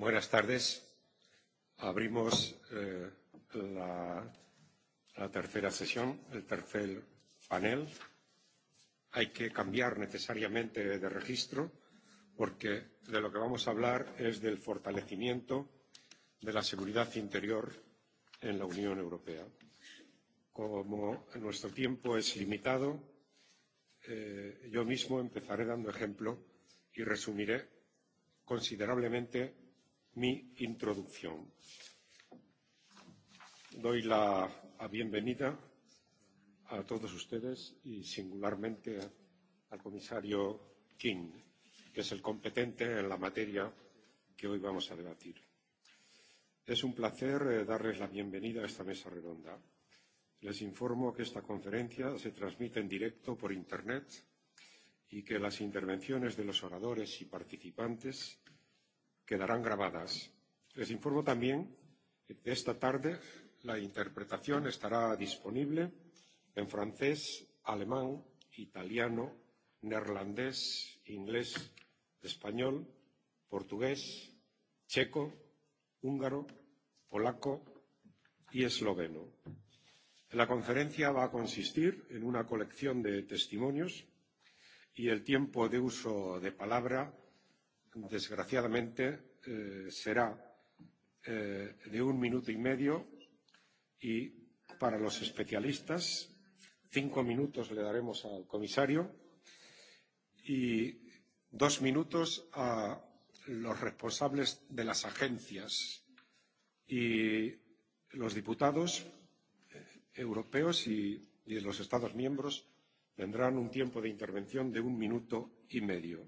Buenas tardes. Abrimos eh, la, la tercera sesión, el tercer panel. Hay que cambiar necesariamente de registro porque de lo que vamos a hablar es del fortalecimiento de la seguridad interior en la Unión Europea. Como nuestro tiempo es limitado, eh, yo mismo empezaré dando ejemplo y resumiré considerablemente mi introducción. Doy la bienvenida a todos ustedes y singularmente al comisario King, que es el competente en la materia que hoy vamos a debatir. Es un placer eh, darles la bienvenida a esta mesa redonda. Les informo que esta conferencia se transmite en directo por Internet y que las intervenciones de los oradores y participantes quedarán grabadas. Les informo también que esta tarde la interpretación estará disponible en francés, alemán, italiano, neerlandés, inglés, español, portugués, checo, húngaro, polaco y esloveno. La conferencia va a consistir en una colección de testimonios y el tiempo de uso de palabra desgraciadamente, eh, será eh, de un minuto y medio y para los especialistas cinco minutos le daremos al comisario y dos minutos a los responsables de las agencias y los diputados eh, europeos y, y de los Estados miembros tendrán un tiempo de intervención de un minuto y medio.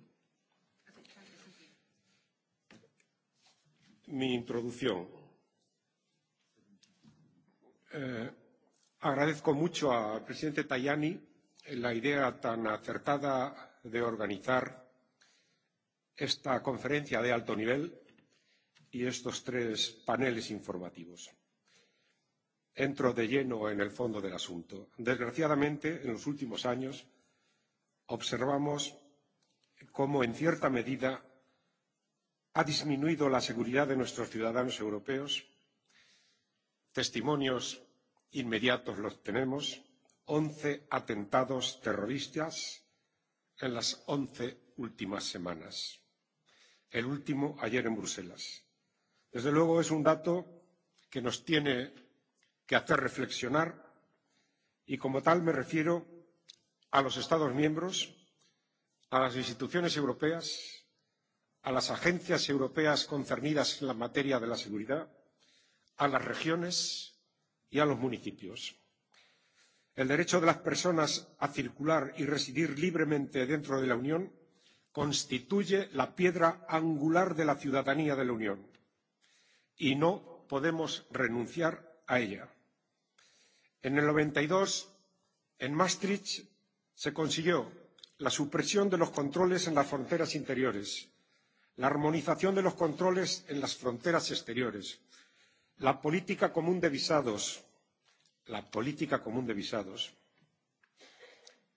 mi introducción. Eh, agradezco mucho al presidente Tajani la idea tan acertada de organizar esta conferencia de alto nivel y estos tres paneles informativos. Entro de lleno en el fondo del asunto. Desgraciadamente, en los últimos años observamos cómo, en cierta medida, ha disminuido la seguridad de nuestros ciudadanos europeos. Testimonios inmediatos los tenemos. Once atentados terroristas en las once últimas semanas. El último ayer en Bruselas. Desde luego es un dato que nos tiene que hacer reflexionar y como tal me refiero a los Estados miembros, a las instituciones europeas a las agencias europeas concernidas en la materia de la seguridad, a las regiones y a los municipios. El derecho de las personas a circular y residir libremente dentro de la Unión constituye la piedra angular de la ciudadanía de la Unión y no podemos renunciar a ella. En el 92, en Maastricht, se consiguió la supresión de los controles en las fronteras interiores la armonización de los controles en las fronteras exteriores, la política común de visados, la política común de visados,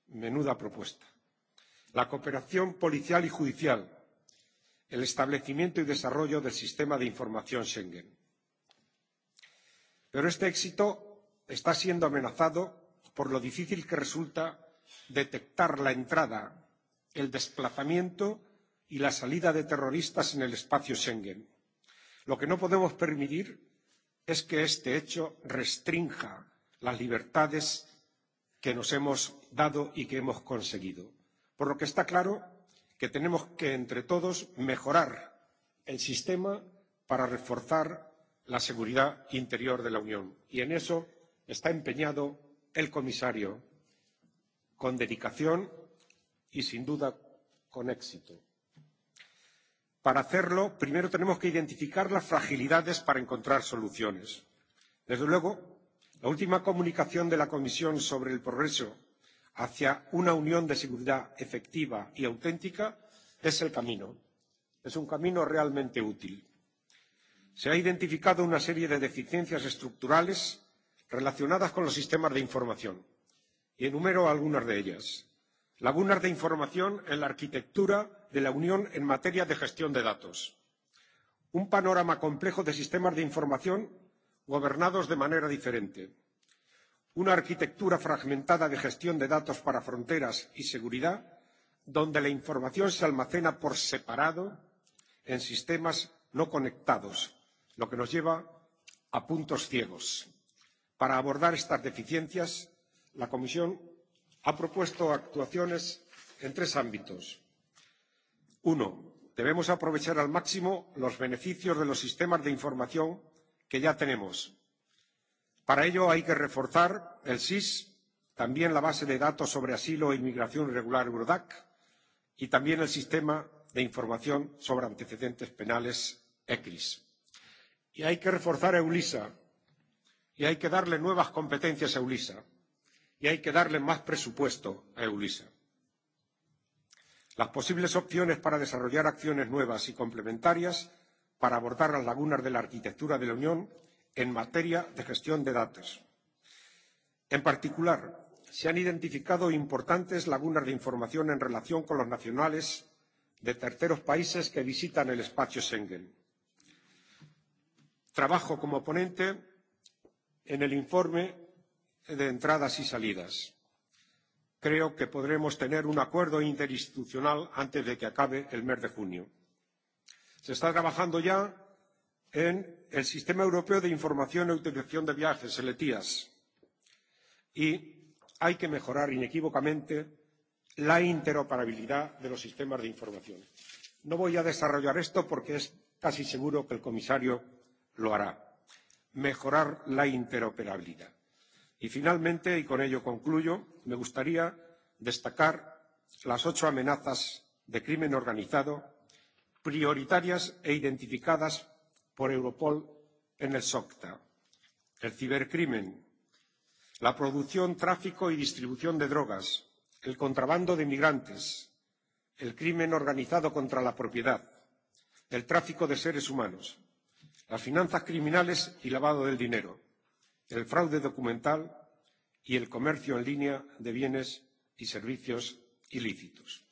menuda propuesta, la cooperación policial y judicial, el establecimiento y desarrollo del sistema de información Schengen. Pero este éxito está siendo amenazado por lo difícil que resulta detectar la entrada, el desplazamiento y la salida de terroristas en el espacio Schengen. Lo que no podemos permitir es que este hecho restrinja las libertades que nos hemos dado y que hemos conseguido. Por lo que está claro que tenemos que, entre todos, mejorar el sistema para reforzar la seguridad interior de la Unión. Y en eso está empeñado el comisario, con dedicación y, sin duda, con éxito. Para hacerlo, primero tenemos que identificar las fragilidades para encontrar soluciones. Desde luego, la última comunicación de la Comisión sobre el progreso hacia una unión de seguridad efectiva y auténtica es el camino. Es un camino realmente útil. Se ha identificado una serie de deficiencias estructurales relacionadas con los sistemas de información y enumero algunas de ellas. Lagunas de información en la arquitectura de la Unión en materia de gestión de datos. Un panorama complejo de sistemas de información gobernados de manera diferente. Una arquitectura fragmentada de gestión de datos para fronteras y seguridad, donde la información se almacena por separado en sistemas no conectados, lo que nos lleva a puntos ciegos. Para abordar estas deficiencias, la Comisión ha propuesto actuaciones en tres ámbitos Uno, debemos aprovechar al máximo los beneficios de los sistemas de información que ya tenemos. Para ello hay que reforzar el SIS, también la base de datos sobre asilo e inmigración irregular Eurodac y también el sistema de información sobre antecedentes penales ECRIS. Y hay que reforzar EULISA y hay que darle nuevas competencias a EULISA y hay que darle más presupuesto a EULISA. Las posibles opciones para desarrollar acciones nuevas y complementarias para abordar las lagunas de la arquitectura de la Unión en materia de gestión de datos. En particular, se han identificado importantes lagunas de información en relación con los nacionales de terceros países que visitan el espacio Schengen. Trabajo como ponente en el informe de entradas y salidas creo que podremos tener un acuerdo interinstitucional antes de que acabe el mes de junio. Se está trabajando ya en el Sistema Europeo de Información y Autorización de Viajes, el ETIAS, y hay que mejorar inequívocamente la interoperabilidad de los sistemas de información. No voy a desarrollar esto porque es casi seguro que el comisario lo hará. Mejorar la interoperabilidad. Y finalmente, y con ello concluyo, me gustaría destacar las ocho amenazas de crimen organizado prioritarias e identificadas por Europol en el SOCTA. El cibercrimen, la producción, tráfico y distribución de drogas, el contrabando de migrantes, el crimen organizado contra la propiedad, el tráfico de seres humanos, las finanzas criminales y lavado del dinero el fraude documental y el comercio en línea de bienes y servicios ilícitos.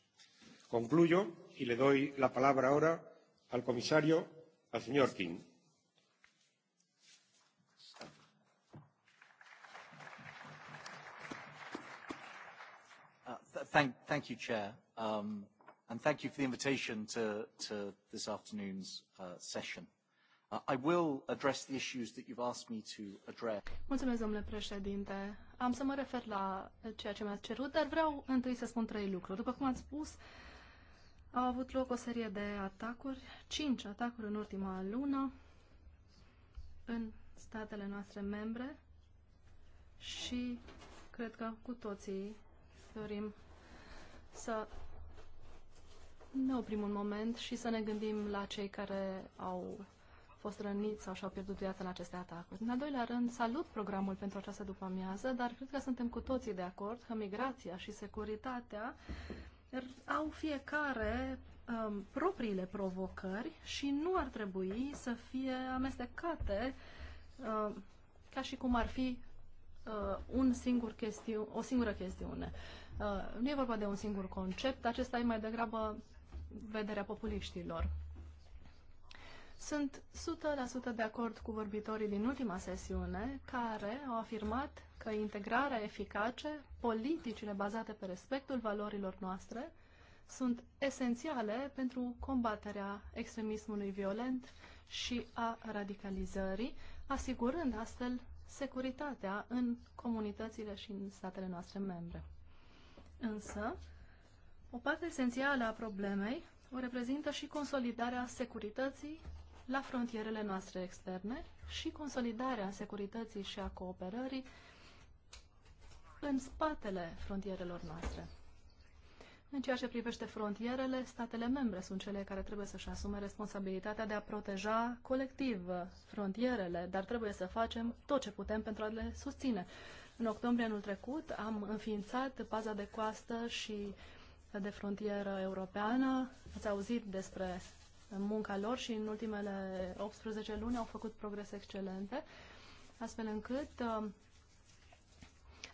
Concluyo y le doy la palabra ahora al comisario, al señor King. Uh, thank, thank you, Chair, um, and thank you for the invitation to, to this afternoon's uh, session. Uh, I will address the issues that you've asked me to address. Mulțumesc, domnule președinte. Am să mă refer la uh, ceea ce mi-ați cerut, dar vreau întâi să spun trei lucruri. După cum ați spus, au avut loc o serie de atacuri, cinci atacuri în ultima lună în statele noastre membre și cred că cu toții dorim să ne oprim un moment și să ne gândim la cei care au fost rănit sau și-au pierdut viața în aceste atacuri. În al doilea rând, salut programul pentru această după-amiază, dar cred că suntem cu toții de acord că migrația și securitatea er, au fiecare um, propriile provocări și nu ar trebui să fie amestecate um, ca și cum ar fi uh, un singur chestiu- o singură chestiune. Uh, nu e vorba de un singur concept, acesta e mai degrabă vederea populiștilor. Sunt 100% de acord cu vorbitorii din ultima sesiune care au afirmat că integrarea eficace, politicile bazate pe respectul valorilor noastre, sunt esențiale pentru combaterea extremismului violent și a radicalizării, asigurând astfel securitatea în comunitățile și în statele noastre membre. Însă, o parte esențială a problemei o reprezintă și consolidarea securității la frontierele noastre externe și consolidarea securității și a cooperării în spatele frontierelor noastre. În ceea ce privește frontierele, statele membre sunt cele care trebuie să-și asume responsabilitatea de a proteja colectiv frontierele, dar trebuie să facem tot ce putem pentru a le susține. În octombrie anul trecut am înființat paza de coastă și de frontieră europeană. Ați auzit despre munca lor și în ultimele 18 luni au făcut progrese excelente, astfel încât um,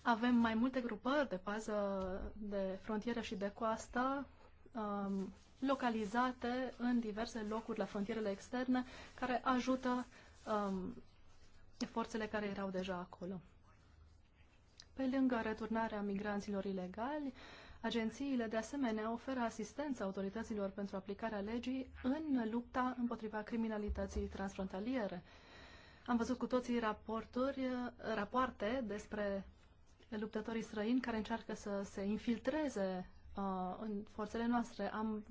avem mai multe grupări de pază de frontieră și de coastă um, localizate în diverse locuri la frontierele externe care ajută um, forțele care erau deja acolo. Pe lângă returnarea migranților ilegali, Agențiile, de asemenea, oferă asistență autorităților pentru aplicarea legii în lupta împotriva criminalității transfrontaliere. Am văzut cu toții raporturi, rapoarte despre luptătorii străini care încearcă să se infiltreze uh, în forțele noastre. Am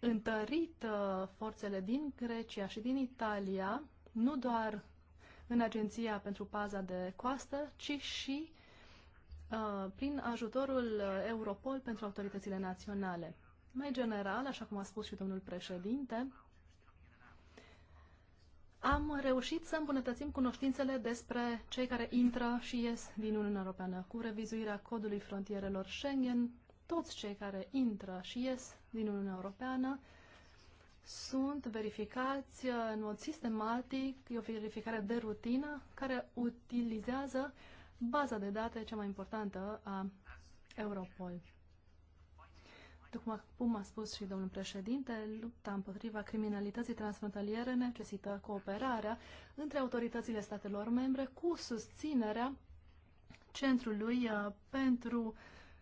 întărit uh, forțele din Grecia și din Italia, nu doar în Agenția pentru Paza de Coastă, ci și Uh, prin ajutorul uh, Europol pentru autoritățile naționale. Mai general, așa cum a spus și domnul președinte, am reușit să îmbunătățim cunoștințele despre cei care intră și ies din Uniunea Europeană cu revizuirea codului frontierelor Schengen. Toți cei care intră și ies din Uniunea Europeană sunt verificați uh, în mod sistematic, e o verificare de rutină care utilizează uh, baza de date cea mai importantă a Europol. După cum a spus și domnul președinte, lupta împotriva criminalității transfrontaliere necesită cooperarea între autoritățile statelor membre cu susținerea centrului uh, pentru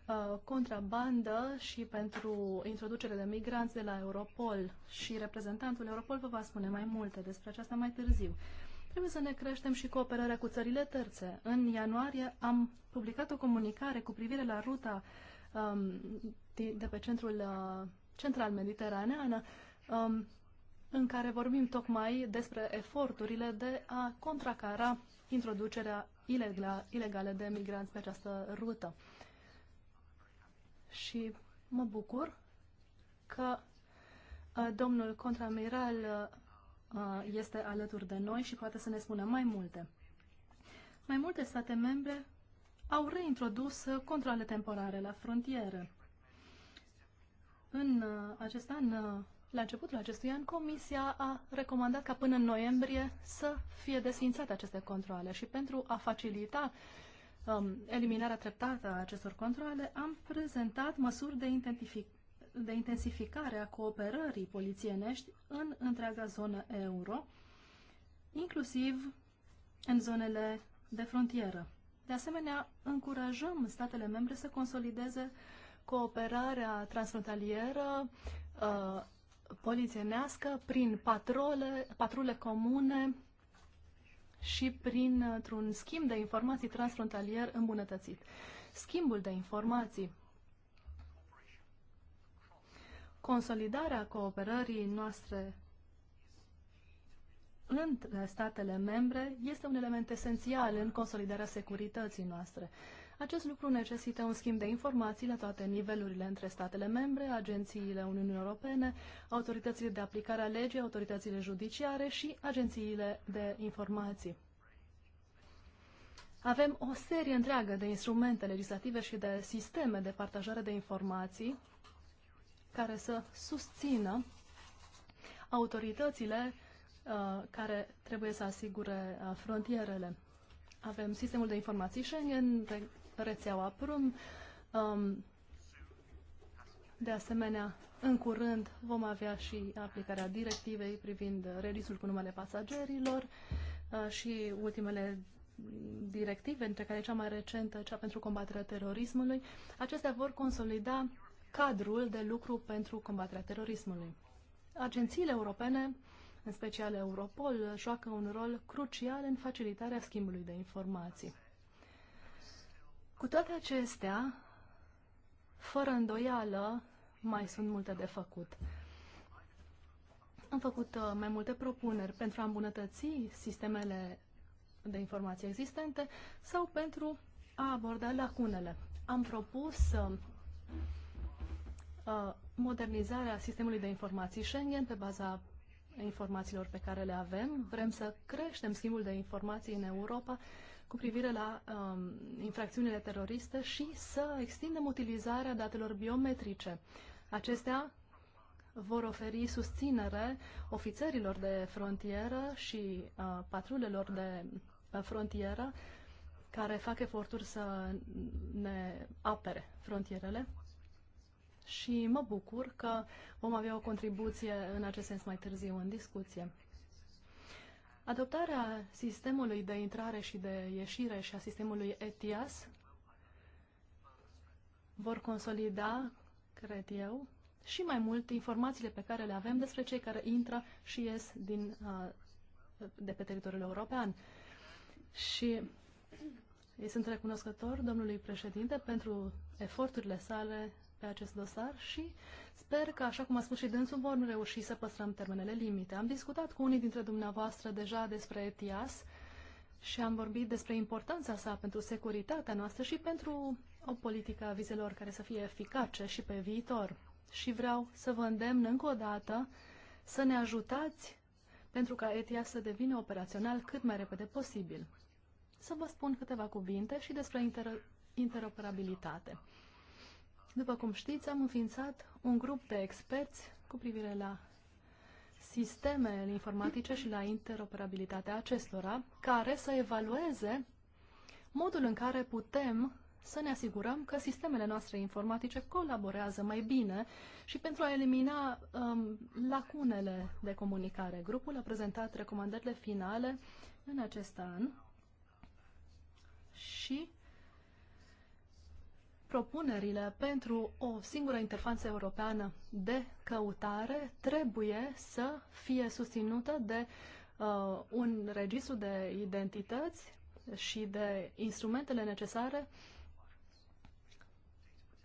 uh, contrabandă și pentru introducerea de migranți de la Europol și reprezentantul Europol vă va spune mai multe despre aceasta mai târziu. Trebuie să ne creștem și cooperarea cu țările terțe. În ianuarie am publicat o comunicare cu privire la ruta um, de pe centrul uh, central mediteraneană, um, în care vorbim tocmai despre eforturile de a contracara introducerea ilegală de migranți pe această rută. Și mă bucur că uh, domnul contramiral uh, este alături de noi și poate să ne spună mai multe. Mai multe state membre au reintrodus controle temporare la frontiere. În acest an, la începutul acestui an, Comisia a recomandat ca până în noiembrie să fie desfințate aceste controle și pentru a facilita um, eliminarea treptată a acestor controle, am prezentat măsuri de de intensificare a cooperării polițienești în întreaga zonă euro, inclusiv în zonele de frontieră. De asemenea, încurajăm statele membre să consolideze cooperarea transfrontalieră uh, polițienească prin patrole, patrule comune și printr-un uh, schimb de informații transfrontalier îmbunătățit. Schimbul de informații consolidarea cooperării noastre între statele membre este un element esențial în consolidarea securității noastre. Acest lucru necesită un schimb de informații la toate nivelurile între statele membre, agențiile Uniunii Europene, autoritățile de aplicare a legii, autoritățile judiciare și agențiile de informații. Avem o serie întreagă de instrumente legislative și de sisteme de partajare de informații care să susțină autoritățile uh, care trebuie să asigure uh, frontierele. Avem sistemul de informații Schengen, de rețeaua PRUM. Um, de asemenea, în curând vom avea și aplicarea directivei privind release cu numele pasagerilor uh, și ultimele directive, între care cea mai recentă, cea pentru combaterea terorismului. Acestea vor consolida cadrul de lucru pentru combaterea terorismului. Agențiile europene, în special Europol, joacă un rol crucial în facilitarea schimbului de informații. Cu toate acestea, fără îndoială, mai sunt multe de făcut. Am făcut uh, mai multe propuneri pentru a îmbunătăți sistemele de informații existente sau pentru a aborda lacunele. Am propus uh, Uh, modernizarea sistemului de informații Schengen pe baza informațiilor pe care le avem. Vrem să creștem schimbul de informații în Europa cu privire la um, infracțiunile teroriste și să extindem utilizarea datelor biometrice. Acestea vor oferi susținere ofițerilor de frontieră și uh, patrulelor de uh, frontieră care fac eforturi să ne apere frontierele și mă bucur că vom avea o contribuție în acest sens mai târziu în discuție. Adoptarea sistemului de intrare și de ieșire și a sistemului ETIAS vor consolida, cred eu, și mai mult informațiile pe care le avem despre cei care intră și ies din, uh, de pe teritoriul european. Și sunt recunoscător domnului președinte pentru eforturile sale pe acest dosar și sper că, așa cum a spus și dânsul, vom reuși să păstrăm termenele limite. Am discutat cu unii dintre dumneavoastră deja despre ETIAS și am vorbit despre importanța sa pentru securitatea noastră și pentru o politică a vizelor care să fie eficace și pe viitor. Și vreau să vă îndemn încă o dată să ne ajutați pentru ca ETIAS să devină operațional cât mai repede posibil. Să vă spun câteva cuvinte și despre inter interoperabilitate. După cum știți, am înființat un grup de experți cu privire la sistemele informatice și la interoperabilitatea acestora, care să evalueze modul în care putem să ne asigurăm că sistemele noastre informatice colaborează mai bine și pentru a elimina um, lacunele de comunicare. Grupul a prezentat recomandările finale în acest an și propunerile pentru o singură interfață europeană de căutare trebuie să fie susținută de uh, un registru de identități și de instrumentele necesare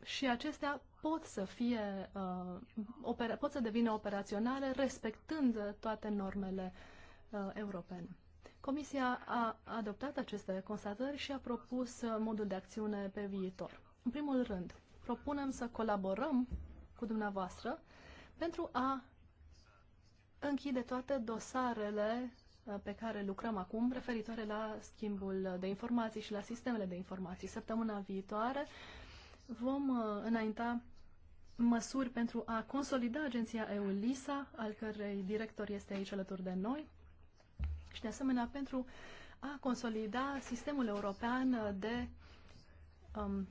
și acestea pot să fie uh, opera, pot să devină operaționale respectând toate normele uh, europene. Comisia a adoptat aceste constatări și a propus uh, modul de acțiune pe viitor. În primul rând, propunem să colaborăm cu dumneavoastră pentru a închide toate dosarele uh, pe care lucrăm acum referitoare la schimbul de informații și la sistemele de informații. Săptămâna viitoare vom uh, înainta măsuri pentru a consolida agenția EULISA, al cărei director este aici alături de noi, și de asemenea pentru a consolida sistemul european de um,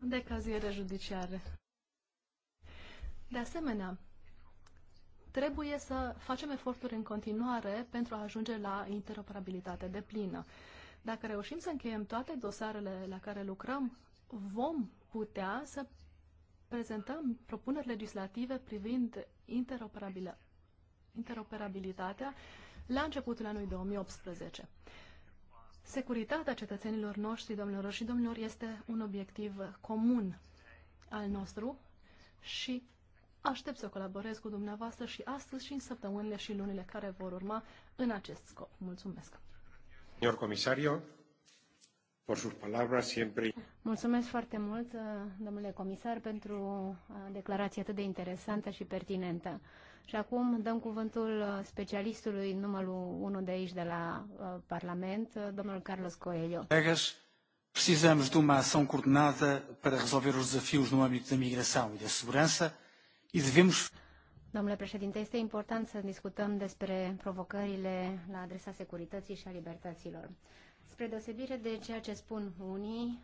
de caziere judiciare. De asemenea, trebuie să facem eforturi în continuare pentru a ajunge la interoperabilitate de plină. Dacă reușim să încheiem toate dosarele la care lucrăm, vom putea să prezentăm propuneri legislative privind interoperabilitatea la începutul anului 2018. Securitatea cetățenilor noștri, domnilor și domnilor, este un obiectiv comun al nostru și aștept să colaborez cu dumneavoastră și astăzi și în săptămânile și lunile care vor urma în acest scop. Mulțumesc! Señor comisario, por sus palabras siempre... Mulțumesc foarte mult, domnule comisar, pentru uh, declarația atât de interesantă și pertinentă. Și acum dăm cuvântul uh, specialistului numărul 1 de aici, de la uh, Parlament, uh, domnul Carlos Coelho. Precisamos de uma ação coordenada para resolver os desafios no âmbito da migração e da segurança e devemos. Domnule președinte, este important să discutăm despre provocările la adresa securității și a libertăților. Spre deosebire de ceea ce spun unii,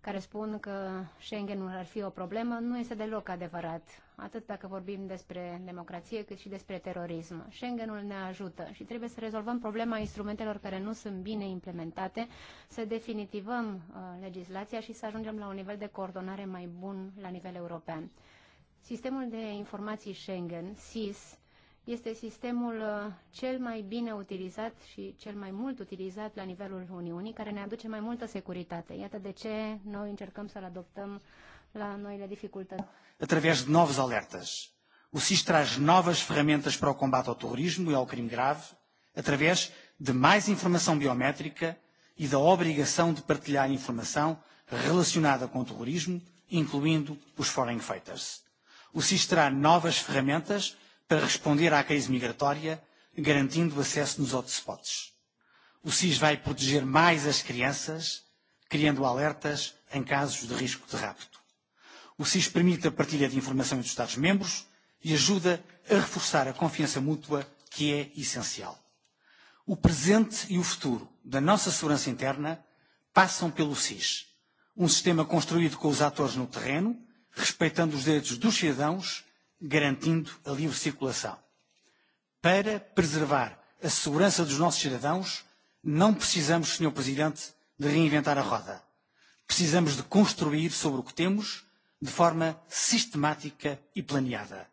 care spun că Schengenul ar fi o problemă, nu este deloc adevărat, atât dacă vorbim despre democrație cât și despre terorism. Schengenul ne ajută și trebuie să rezolvăm problema instrumentelor care nu sunt bine implementate, să definitivăm uh, legislația și să ajungem la un nivel de coordonare mai bun la nivel european. Sistemul de informații Schengen, SIS, este sistemul uh, cel mai bine utilizat și cel mai mult utilizat la nivelul Uniunii, care ne aduce mai multă securitate. Iată de ce noi încercăm să-l adoptăm la noile dificultăți. Através de novos alertas, o SIS traz novas ferramentas para o combate ao terrorismo e ao crime grave, através de mais informação biométrica e da obrigação de partilhar informação relacionada com o terrorismo, incluindo os foreign fighters. O SIS terá novas ferramentas para responder à crise migratória, garantindo o acesso nos hotspots. O SIS vai proteger mais as crianças, criando alertas em casos de risco de rapto. O SIS permite a partilha de informação entre os Estados-membros e ajuda a reforçar a confiança mútua, que é essencial. O presente e o futuro da nossa segurança interna passam pelo SIS, um sistema construído com os atores no terreno, respeitando os direitos dos cidadãos garantindo a livre circulação. Para preservar a segurança dos nossos cidadãos, não precisamos, Sr. Presidente, de reinventar a roda. Precisamos de construir sobre o que temos de forma sistemática e planeada.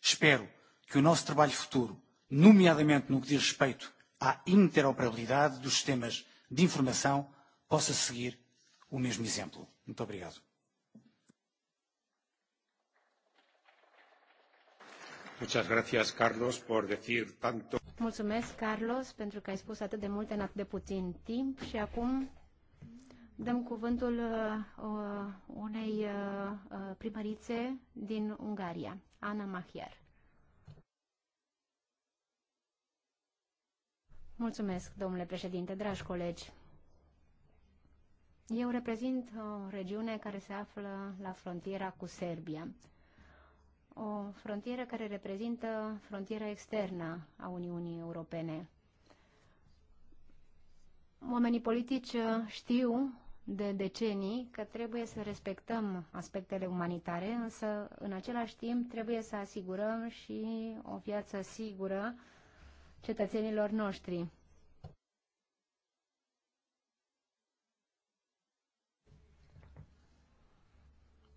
Espero que o nosso trabalho futuro, nomeadamente no que diz respeito à interoperabilidade dos sistemas de informação, possa seguir o mesmo exemplo. Muito obrigado. Muchas gracias, Carlos, por decir tanto. Mulțumesc, Carlos, pentru că ai spus atât de multe în atât de puțin timp și acum dăm cuvântul uh, uh unei uh, uh, primărițe din Ungaria, Ana Mahiar. Mulțumesc, domnule președinte, dragi colegi. Eu reprezint o regiune care se află la frontiera cu Serbia o frontieră care reprezintă frontiera externă a Uniunii Europene. Oamenii politici uh, știu de decenii că trebuie să respectăm aspectele umanitare, însă în același timp trebuie să asigurăm și o viață sigură cetățenilor noștri.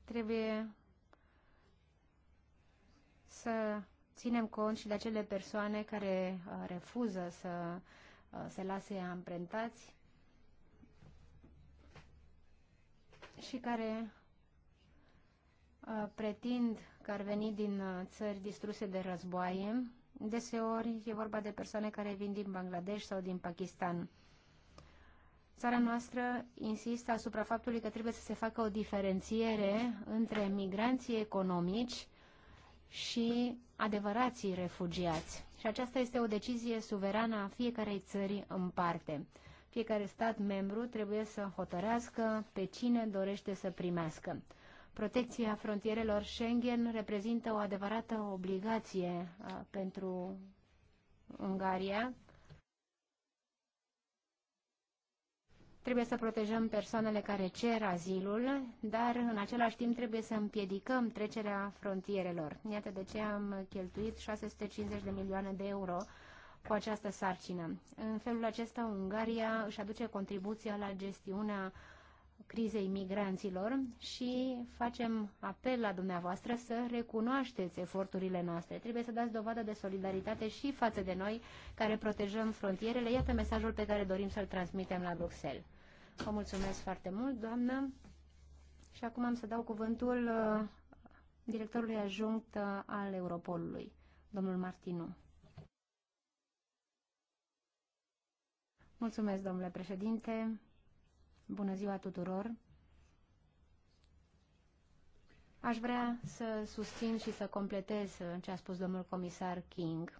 Trebuie să ținem cont și de acele persoane care uh, refuză să uh, se lase amprentați și care uh, pretind că ar veni din țări distruse de războaie. Deseori e vorba de persoane care vin din Bangladesh sau din Pakistan. Țara noastră insistă asupra faptului că trebuie să se facă o diferențiere între migranții economici și adevărații refugiați. Și aceasta este o decizie suverană a fiecarei țări în parte. Fiecare stat membru trebuie să hotărească pe cine dorește să primească. Protecția frontierelor Schengen reprezintă o adevărată obligație pentru Ungaria Trebuie să protejăm persoanele care cer azilul, dar în același timp trebuie să împiedicăm trecerea frontierelor. Iată de ce am cheltuit 650 de milioane de euro cu această sarcină. În felul acesta, Ungaria își aduce contribuția la gestiunea crizei migranților și facem apel la dumneavoastră să recunoașteți eforturile noastre. Trebuie să dați dovadă de solidaritate și față de noi care protejăm frontierele. Iată mesajul pe care dorim să-l transmitem la Bruxelles. Vă mulțumesc foarte mult, doamnă. Și acum am să dau cuvântul uh, directorului ajunct uh, al Europolului, domnul Martinu. Mulțumesc, domnule președinte. Bună ziua tuturor! Aș vrea să susțin și să completez uh, ce a spus domnul comisar King.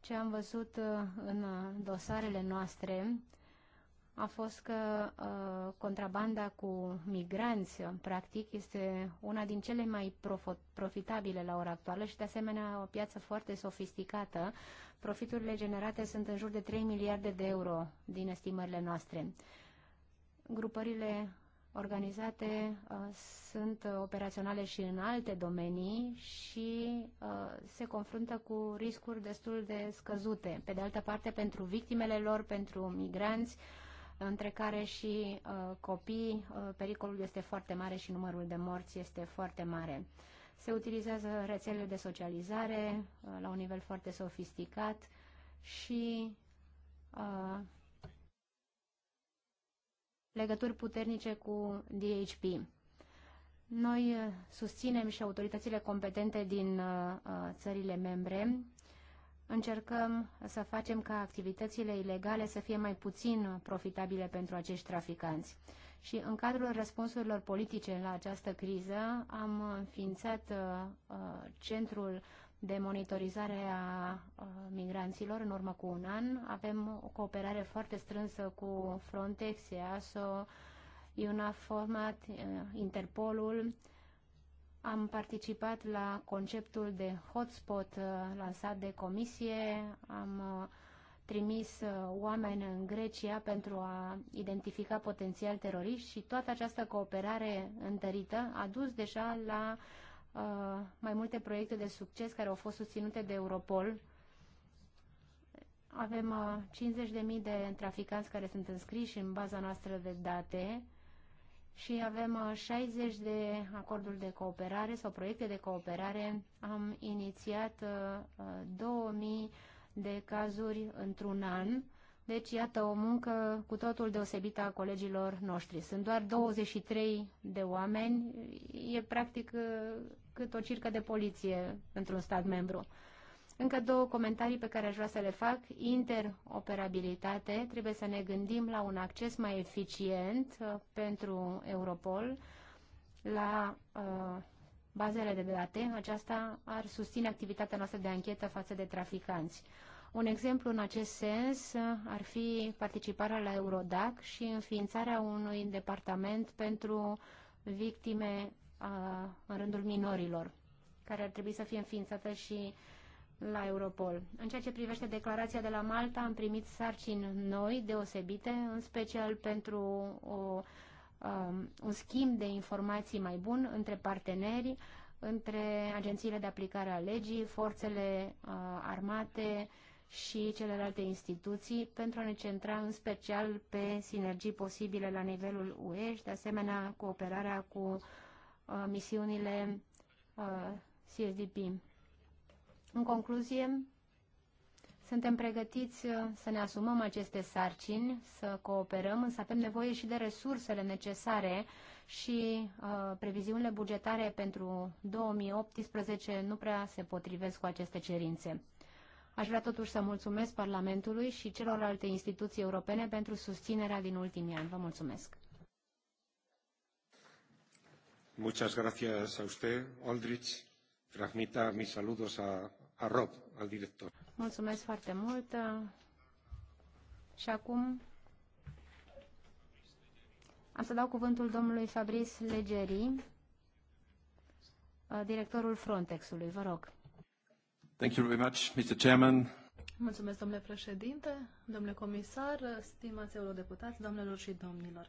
Ce am văzut uh, în uh, dosarele noastre a fost că uh, contrabanda cu migranți, practic, este una din cele mai profitabile la ora actuală și, de asemenea, o piață foarte sofisticată. Profiturile generate sunt în jur de 3 miliarde de euro din estimările noastre. Grupările organizate uh, sunt operaționale și în alte domenii și uh, se confruntă cu riscuri destul de scăzute. Pe de altă parte, pentru victimele lor, pentru migranți, între care și uh, copii, uh, pericolul este foarte mare și numărul de morți este foarte mare. Se utilizează rețelele de socializare uh, la un nivel foarte sofisticat și uh, legături puternice cu DHP. Noi uh, susținem și autoritățile competente din uh, uh, țările membre. Încercăm să facem ca activitățile ilegale să fie mai puțin profitabile pentru acești traficanți. Și în cadrul răspunsurilor politice la această criză am înființat centrul de monitorizare a migranților în urmă cu un an. Avem o cooperare foarte strânsă cu Frontex, EASO, UNAFORMAT, Interpolul. Am participat la conceptul de hotspot lansat de comisie. Am trimis oameni în Grecia pentru a identifica potențial teroriști și toată această cooperare întărită a dus deja la uh, uh, mai multe proiecte de succes care au fost susținute de Europol. Avem uh, 50.000 de traficanți care sunt înscriși în baza noastră de date și avem 60 uh, de acorduri de cooperare sau proiecte de cooperare. Am inițiat 2000 uh, de cazuri într-un an. Deci, iată o muncă cu totul deosebită a colegilor noștri. Sunt doar 23 de oameni. E practic uh, cât o circă de poliție într-un stat membru. Încă două comentarii pe care aș vrea să le fac. Interoperabilitate. Trebuie să ne gândim la un acces mai eficient uh, pentru Europol la uh, bazele de date. Aceasta ar susține activitatea noastră de anchetă față de traficanți. Un exemplu în acest sens uh, ar fi participarea la Eurodac și înființarea unui departament pentru victime a, în rândul minorilor, care ar trebui să fie înființată și la Europol. În ceea ce privește declarația de la Malta, am primit sarcini noi, deosebite, în special pentru o, um, un schimb de informații mai bun între parteneri, între agențiile de aplicare a legii, forțele uh, armate și celelalte instituții, pentru a ne centra în special pe sinergii posibile la nivelul UE și, de asemenea, cooperarea cu Uh, misiunile uh, CSDP. În concluzie, suntem pregătiți uh, să ne asumăm aceste sarcini, să cooperăm, însă avem nevoie și de resursele necesare și uh, previziunile bugetare pentru 2018 nu prea se potrivesc cu aceste cerințe. Aș vrea totuși să mulțumesc Parlamentului și celorlalte instituții europene pentru susținerea din ultimii ani. Vă mulțumesc! Muchas gracias a usted, Aldrich. Transmita mis saludos a, a Rob, al director. Mulțumesc foarte mult. Și acum am să dau cuvântul domnului Fabrice Legeri, uh, directorul Frontexului. Vă rog. Thank you very much, Mr. Chairman. Mulțumesc, domnule președinte, domnule comisar, stimați eurodeputați, doamnelor și domnilor.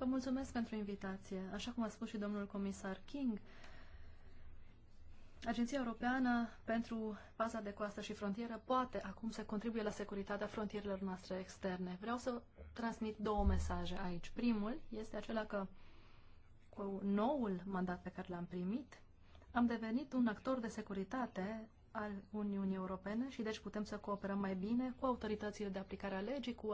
Vă mulțumesc pentru invitație. Așa cum a spus și domnul comisar King, Agenția Europeană pentru Paza de Coastă și Frontieră poate acum să contribuie la securitatea frontierelor noastre externe. Vreau să transmit două mesaje aici. Primul este acela că cu noul mandat pe care l-am primit, am devenit un actor de securitate al Uniunii Europene și deci putem să cooperăm mai bine cu autoritățile de aplicare a legii, cu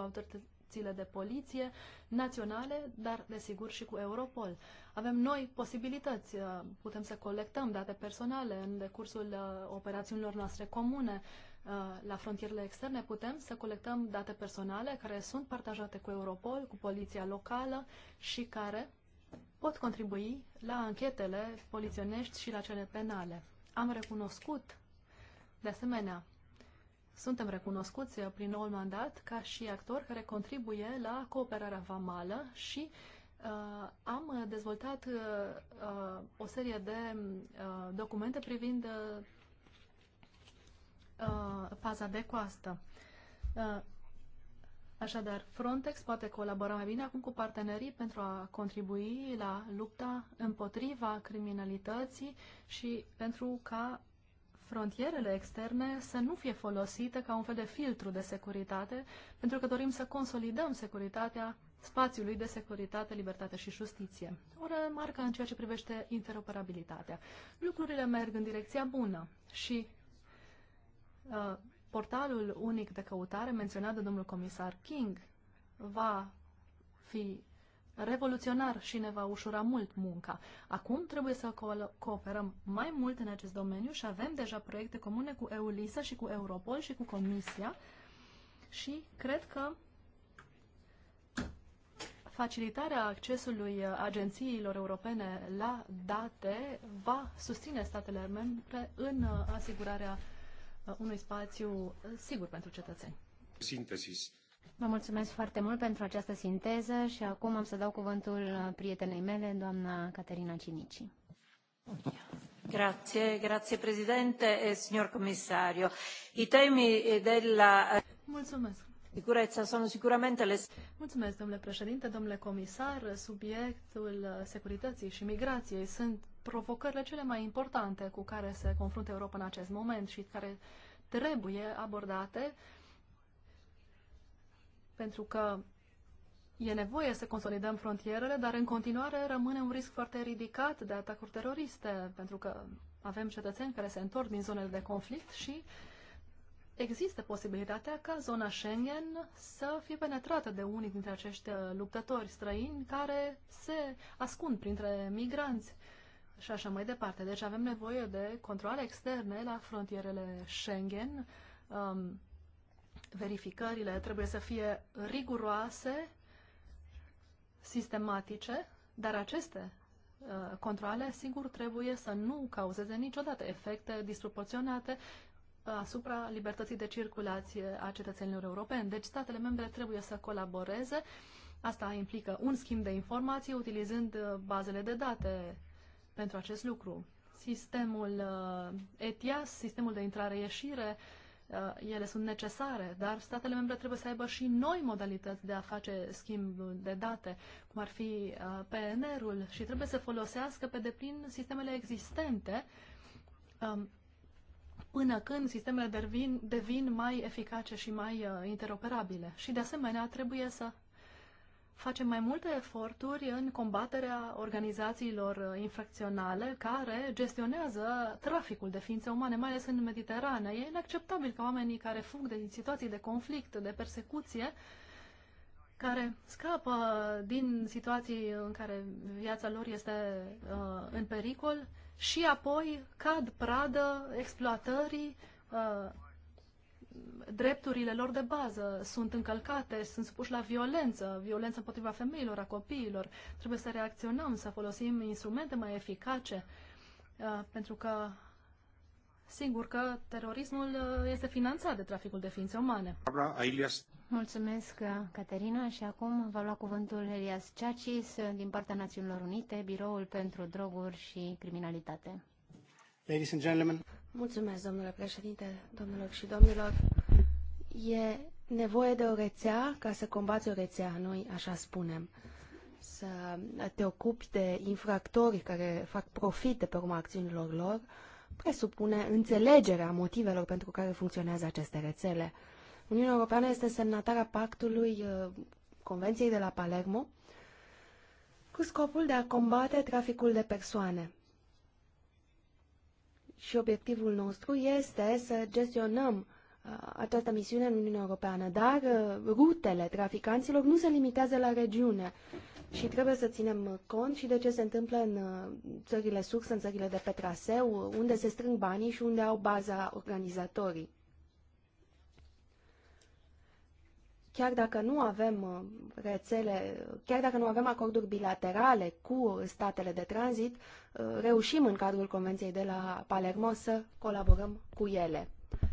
instituțiile de poliție naționale, dar desigur și cu Europol. Avem noi posibilități, uh, putem să colectăm date personale în decursul uh, operațiunilor noastre comune, uh, la frontierele externe putem să colectăm date personale care sunt partajate cu Europol, cu poliția locală și care pot contribui la anchetele poliționești și la cele penale. Am recunoscut, de asemenea, suntem recunoscuți uh, prin noul mandat ca și actor care contribuie la cooperarea vamală și uh, am dezvoltat uh, uh o serie de uh, documente privind uh, uh, faza de coastă. Uh, Așadar, Frontex poate colabora mai bine acum cu partenerii pentru a contribui la lupta împotriva criminalității și pentru ca frontierele externe să nu fie folosite ca un fel de filtru de securitate, pentru că dorim să consolidăm securitatea spațiului de securitate, libertate și justiție. O remarcă în ceea ce privește interoperabilitatea. Lucrurile merg în direcția bună și uh, portalul unic de căutare menționat de domnul comisar King va fi revoluționar și ne va ușura mult munca. Acum trebuie să co cooperăm mai mult în acest domeniu și avem deja proiecte comune cu EULISA și cu Europol și cu Comisia și cred că facilitarea accesului agențiilor europene la date va susține statele membre în asigurarea uh, unui spațiu sigur pentru cetățeni. Sintesis. Vă mulțumesc foarte mult pentru această sinteză și acum am să dau cuvântul prietenei mele, doamna Caterina Cinici. Grazie, grazie Presidente e signor Commissario. I temi della eh, Mulțumesc. sicurezza sono sicuramente le... Mulțumesc, domnule președinte, domnule comisar. Subiectul securității și migrației sunt provocările cele mai importante cu care se confruntă Europa în acest moment și care trebuie abordate pentru că e nevoie să consolidăm frontierele, dar în continuare rămâne un risc foarte ridicat de atacuri teroriste, pentru că avem cetățeni care se întorc din zonele de conflict și există posibilitatea ca zona Schengen să fie penetrată de unii dintre acești uh, luptători străini care se ascund printre migranți și așa mai departe. Deci avem nevoie de controle externe la frontierele Schengen, um, verificările trebuie să fie riguroase, sistematice, dar aceste uh, controle, sigur, trebuie să nu cauzeze niciodată efecte disproporționate uh, asupra libertății de circulație a cetățenilor europeni. Deci statele membre trebuie să colaboreze. Asta implică un schimb de informații utilizând uh, bazele de date pentru acest lucru. Sistemul uh, ETIAS, sistemul de intrare-ieșire, uh, Uh, ele sunt necesare, dar statele membre trebuie să aibă și noi modalități de a face schimb de date, cum ar fi uh, PNR-ul, și trebuie să folosească pe deplin sistemele existente um, până când sistemele devin, devin mai eficace și mai uh, interoperabile. Și de asemenea trebuie să facem mai multe eforturi în combaterea organizațiilor infracționale care gestionează traficul de ființe umane, mai ales în Mediterană. E inacceptabil ca oamenii care fug de situații de conflict, de persecuție, care scapă din situații în care viața lor este uh, în pericol și apoi cad pradă exploatării uh, drepturile lor de bază sunt încălcate, sunt supuși la violență, violență împotriva femeilor, a copiilor. Trebuie să reacționăm, să folosim instrumente mai eficace, uh, pentru că Singur că terorismul uh, este finanțat de traficul de ființe umane. Mulțumesc, uh, Caterina, și acum va lua cuvântul Elias Ceacis din partea Națiunilor Unite, Biroul pentru Droguri și Criminalitate. Ladies and gentlemen. Mulțumesc, domnule președinte, domnilor și domnilor. E nevoie de o rețea ca să combați o rețea, noi așa spunem. Să te ocupi de infractori care fac profit de pe urma acțiunilor lor, presupune înțelegerea motivelor pentru care funcționează aceste rețele. Uniunea Europeană este semnatarea pactului uh, Convenției de la Palermo cu scopul de a combate traficul de persoane și obiectivul nostru este să gestionăm uh, această misiune în Uniunea Europeană, dar uh, rutele traficanților nu se limitează la regiune și trebuie să ținem cont și de ce se întâmplă în uh, țările sursă, în țările de pe traseu, unde se strâng banii și unde au baza organizatorii. chiar dacă nu avem uh, rețele, chiar dacă nu avem acorduri bilaterale cu statele de tranzit, uh, reușim în cadrul Convenției de la Palermo să colaborăm cu ele.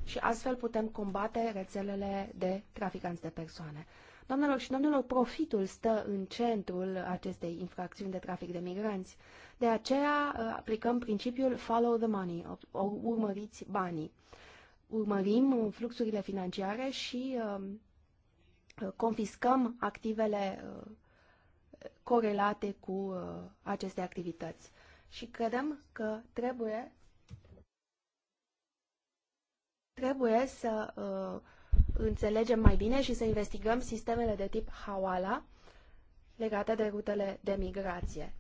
Și astfel putem combate rețelele de traficanți de persoane. Doamnelor și domnilor, profitul stă în centrul acestei infracțiuni de trafic de migranți. De aceea uh, aplicăm principiul follow the money, urmăriți banii. Urmărim fluxurile financiare și confiscăm activele uh, corelate cu uh, aceste activități. Și credem că trebuie trebuie să uh, înțelegem mai bine și să investigăm sistemele de tip hawala legate de rutele de migrație.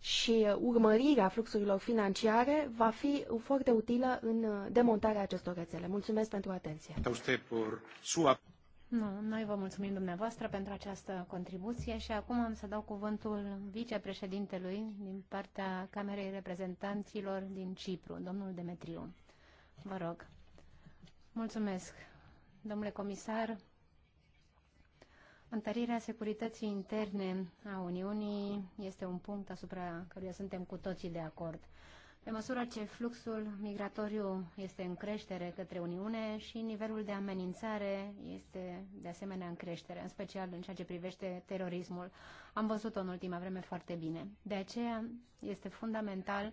Și urmărirea fluxurilor financiare va fi foarte utilă în demontarea acestor rețele. Mulțumesc pentru atenție. Nu, noi vă mulțumim dumneavoastră pentru această contribuție și acum am să dau cuvântul vicepreședintelui din partea Camerei Reprezentanților din Cipru, domnul Demetriu. Vă rog. Mulțumesc, domnule comisar. Întărirea securității interne a Uniunii este un punct asupra căruia suntem cu toții de acord pe măsură ce fluxul migratoriu este în creștere către Uniune și nivelul de amenințare este de asemenea în creștere, în special în ceea ce privește terorismul. Am văzut-o în ultima vreme foarte bine. De aceea este fundamental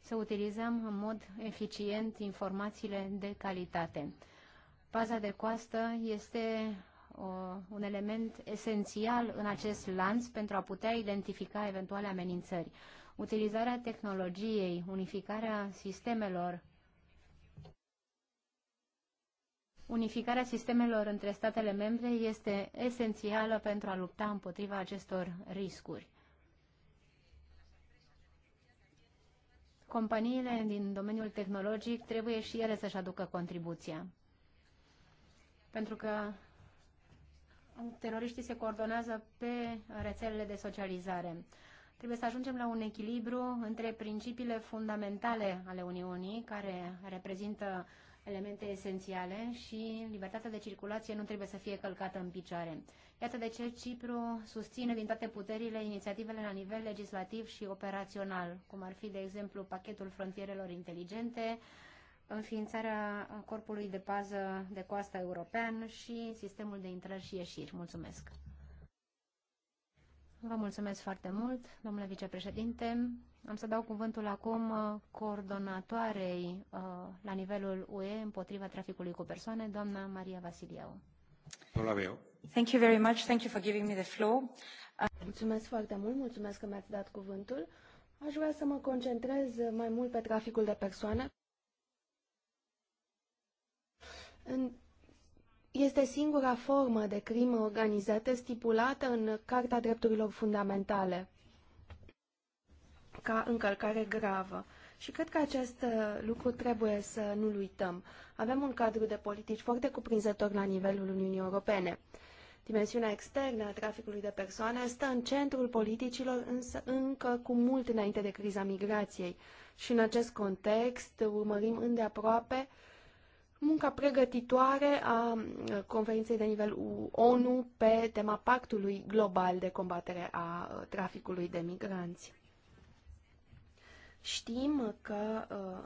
să utilizăm în mod eficient informațiile de calitate. Paza de coastă este o, un element esențial în acest lanț pentru a putea identifica eventuale amenințări utilizarea tehnologiei, unificarea sistemelor, unificarea sistemelor între statele membre este esențială pentru a lupta împotriva acestor riscuri. Companiile din domeniul tehnologic trebuie și ele să-și aducă contribuția. Pentru că teroriștii se coordonează pe rețelele de socializare. Trebuie să ajungem la un echilibru între principiile fundamentale ale Uniunii, care reprezintă elemente esențiale și libertatea de circulație nu trebuie să fie călcată în picioare. Iată de ce Cipru susține din toate puterile inițiativele la nivel legislativ și operațional, cum ar fi, de exemplu, pachetul frontierelor inteligente, înființarea corpului de pază de coastă european și sistemul de intrări și ieșiri. Mulțumesc! Vă mulțumesc foarte mult, domnule vicepreședinte. Am să dau cuvântul acum uh, coordonatoarei uh, la nivelul UE împotriva traficului cu persoane, doamna Maria Vasiliau. Thank you very much. Thank you for giving me the floor. Uh, mulțumesc foarte mult, mulțumesc că mi-ați dat cuvântul. Aș vrea să mă concentrez mai mult pe traficul de persoane. În este singura formă de crimă organizată stipulată în Carta Drepturilor Fundamentale ca încălcare gravă. Și cred că acest uh, lucru trebuie să nu-l uităm. Avem un cadru de politici foarte cuprinzător la nivelul Uniunii Europene. Dimensiunea externă a traficului de persoane stă în centrul politicilor, însă încă cu mult înainte de criza migrației. Și în acest context urmărim îndeaproape aproape munca pregătitoare a conferinței de nivel ONU pe tema pactului global de combatere a traficului de migranți. Știm că uh,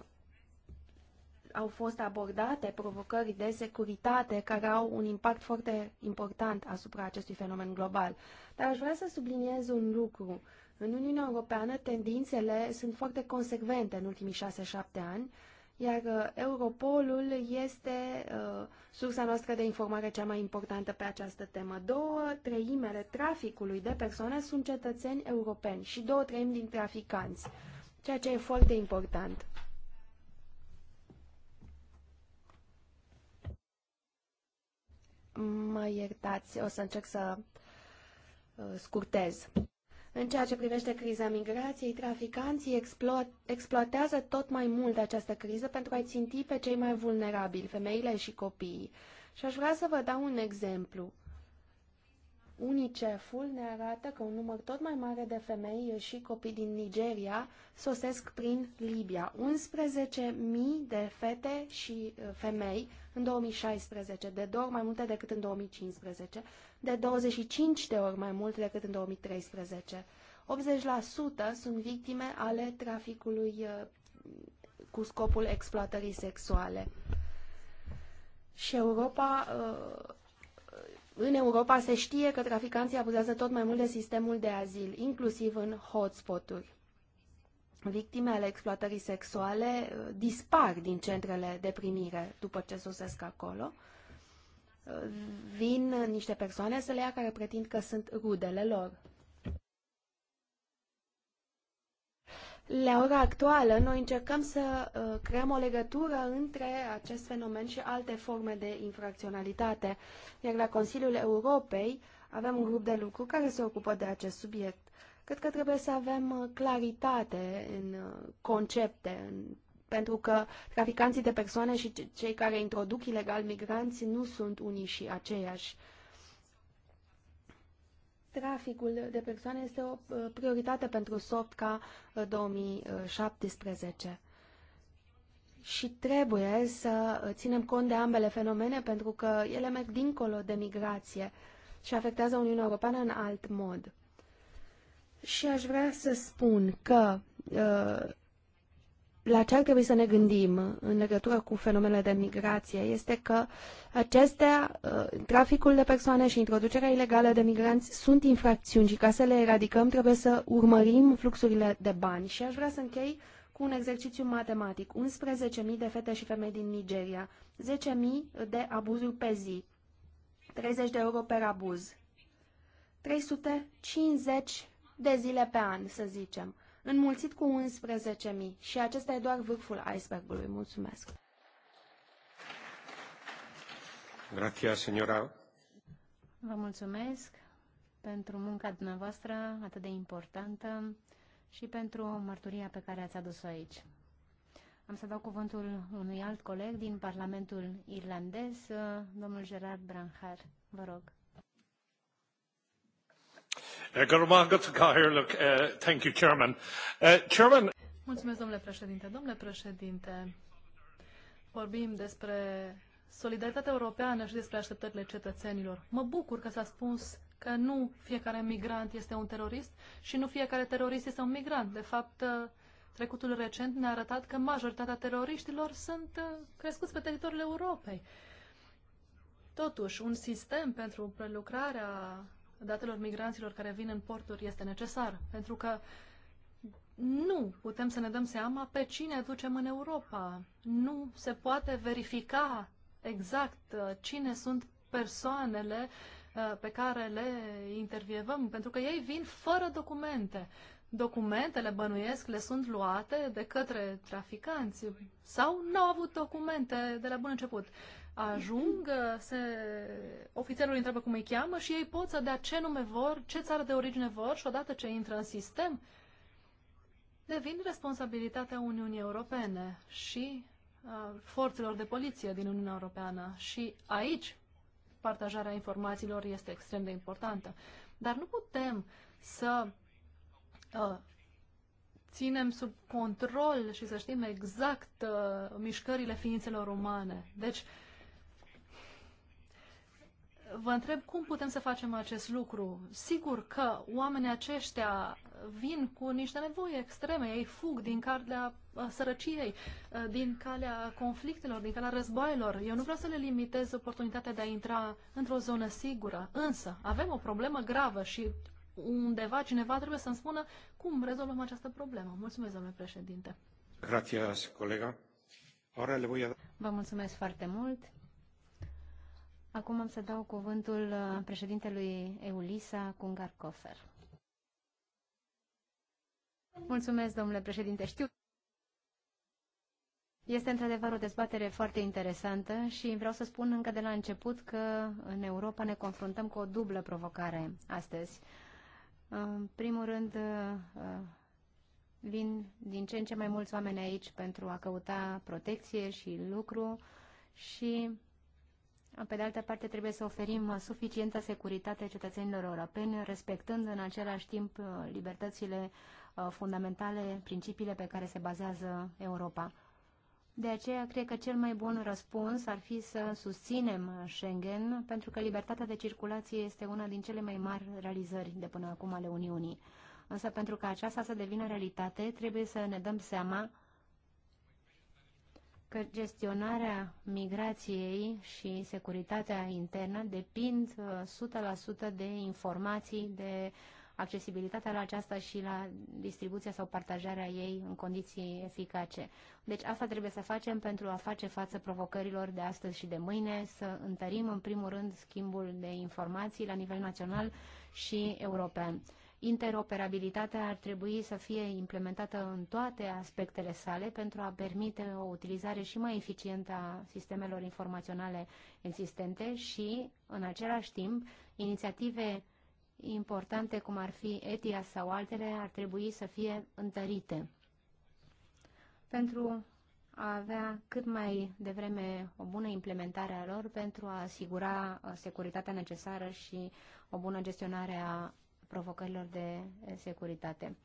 au fost abordate provocări de securitate care au un impact foarte important asupra acestui fenomen global. Dar aș vrea să subliniez un lucru. În Uniunea Europeană, tendințele sunt foarte consecvente în ultimii 6-7 ani iar uh, Europolul este uh, sursa noastră de informare cea mai importantă pe această temă. Două treimele traficului de persoane sunt cetățeni europeni și două treimi din traficanți, ceea ce e foarte important. Mă iertați, o să încerc să uh, scurtez. În ceea ce privește criza migrației, traficanții explo exploatează tot mai mult această criză pentru a-i ținti pe cei mai vulnerabili, femeile și copiii. Și aș vrea să vă dau un exemplu. UNICEF-ul ne arată că un număr tot mai mare de femei și copii din Nigeria sosesc prin Libia. 11.000 de fete și uh, femei în 2016, de două ori mai multe decât în 2015, de 25 de ori mai mult decât în 2013. 80% sunt victime ale traficului uh, cu scopul exploatării sexuale. Și Europa uh, în Europa se știe că traficanții abuzează tot mai mult de sistemul de azil, inclusiv în hotspot-uri. Victime ale exploatării sexuale uh, dispar din centrele de primire după ce sosesc acolo. Uh, vin niște persoane să le ia care pretind că sunt rudele lor. La ora actuală, noi încercăm să uh, creăm o legătură între acest fenomen și alte forme de infracționalitate. Iar la Consiliul Europei avem un grup de lucru care se ocupă de acest subiect. Cred că trebuie să avem uh, claritate în uh, concepte, în, pentru că traficanții de persoane și cei care introduc ilegal migranți nu sunt unii și aceiași. Uh, traficul de persoane este o uh, prioritate pentru SOPCA 2017. Uh, și trebuie să uh, ținem cont de ambele fenomene pentru că ele merg dincolo de migrație și afectează Uniunea Europeană în alt mod. Și aș vrea să spun că uh, la ce ar trebui să ne gândim în legătură cu fenomenele de migrație este că acestea, uh, traficul de persoane și introducerea ilegală de migranți sunt infracțiuni și ca să le eradicăm trebuie să urmărim fluxurile de bani. Și aș vrea să închei cu un exercițiu matematic. 11.000 de fete și femei din Nigeria, 10.000 de abuzuri pe zi, 30 de euro per abuz, 350 de zile pe an, să zicem înmulțit cu 11.000 și acesta e doar vârful icebergului. Mulțumesc! Gracias, señora. Vă mulțumesc pentru munca dumneavoastră atât de importantă și pentru mărturia pe care ați adus-o aici. Am să dau cuvântul unui alt coleg din Parlamentul Irlandez, domnul Gerard Branhar. Vă rog. Eh, eh, thank you, eh, Chairman. Mulțumesc, domnule președinte. Domnule președinte, vorbim despre solidaritatea europeană și despre așteptările cetățenilor. Mă bucur că s-a spus că nu fiecare migrant este un terorist și nu fiecare terorist este un migrant. De fapt, trecutul recent ne-a arătat că majoritatea teroriștilor sunt crescuți pe teritoriul Europei. Totuși, un sistem pentru prelucrarea datelor migranților care vin în porturi este necesar, pentru că nu putem să ne dăm seama pe cine ducem în Europa. Nu se poate verifica exact uh, cine sunt persoanele uh, pe care le intervievăm, pentru că ei vin fără documente. Documentele, bănuiesc, le sunt luate de către traficanți sau nu au avut documente de la bun început ajung, uh, se, ofițerul întreabă cum îi cheamă și ei pot să dea ce nume vor, ce țară de origine vor și odată ce intră în sistem, devin responsabilitatea Uniunii Europene și a uh, forțelor de poliție din Uniunea Europeană. Și aici partajarea informațiilor este extrem de importantă. Dar nu putem să a, uh, ținem sub control și să știm exact a, mișcările ființelor umane. Deci, vă întreb cum putem să facem acest lucru. Sigur că oamenii aceștia vin cu niște nevoi extreme, ei fug din calea uh, sărăciei, uh, din calea conflictelor, din calea războaielor. Eu nu vreau să le limitez oportunitatea de a intra într-o zonă sigură, însă avem o problemă gravă și undeva cineva trebuie să-mi spună cum rezolvăm această problemă. Mulțumesc, domnule președinte. Gracias, colega. Vă mulțumesc foarte mult. Acum am să dau cuvântul uh, președintelui Eulisa Cungar-Cofer. Mulțumesc, domnule președinte. Știu este într-adevăr o dezbatere foarte interesantă și vreau să spun încă de la început că în Europa ne confruntăm cu o dublă provocare astăzi. În primul rând, uh, uh, vin din ce în ce mai mulți oameni aici pentru a căuta protecție și lucru și pe de altă parte, trebuie să oferim suficientă securitate cetățenilor europeni, respectând în același timp uh, libertățile uh, fundamentale, principiile pe care se bazează Europa. De aceea, cred că cel mai bun răspuns ar fi să susținem Schengen, pentru că libertatea de circulație este una din cele mai mari realizări de până acum ale Uniunii. Însă, pentru ca aceasta să devină realitate, trebuie să ne dăm seama că gestionarea migrației și securitatea internă depind 100% uh, de informații, de accesibilitatea la aceasta și la distribuția sau partajarea ei în condiții eficace. Deci asta trebuie să facem pentru a face față provocărilor de astăzi și de mâine, să întărim în primul rând schimbul de informații la nivel național și european. Interoperabilitatea ar trebui să fie implementată în toate aspectele sale pentru a permite o utilizare și mai eficientă a sistemelor informaționale existente și, în același timp, inițiative importante cum ar fi ETIAS sau altele ar trebui să fie întărite. Pentru a avea cât mai devreme o bună implementare a lor pentru a asigura uh, securitatea necesară și o bună gestionare a provocărilor de securitate.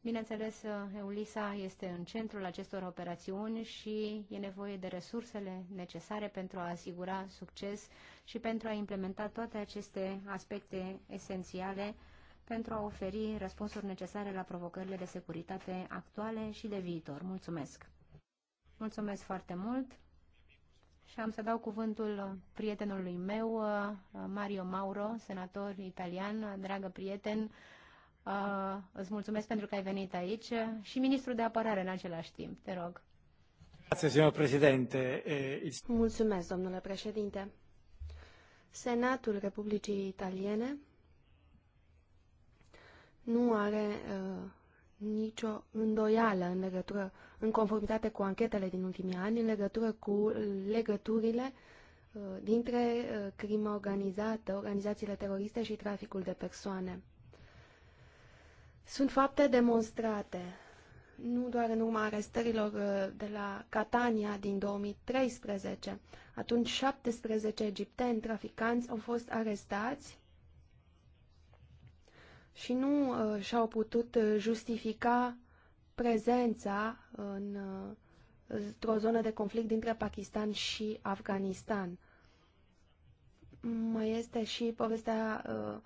Bineînțeles, EULISA este în centrul acestor operațiuni și e nevoie de resursele necesare pentru a asigura succes și pentru a implementa toate aceste aspecte esențiale pentru a oferi răspunsuri necesare la provocările de securitate actuale și de viitor. Mulțumesc! Mulțumesc foarte mult! și am să dau cuvântul uh, prietenului meu, uh, Mario Mauro, senator italian, uh, dragă prieten. Îți mulțumesc pentru că ai venit aici și ministrul de apărare în același timp. Te rog. Mulțumesc, domnule președinte. Senatul Republicii Italiene nu are uh, nicio îndoială în legătură, în conformitate cu anchetele din ultimii ani, în legătură cu legăturile uh, dintre uh, crimă organizată, organizațiile teroriste și traficul de persoane. Sunt fapte demonstrate, nu doar în urma arestărilor uh, de la Catania din 2013. Atunci 17 egipteni traficanți au fost arestați și nu uh, și-au putut uh, justifica prezența în, uh, într-o zonă de conflict dintre Pakistan și Afganistan. Mai este și povestea uh,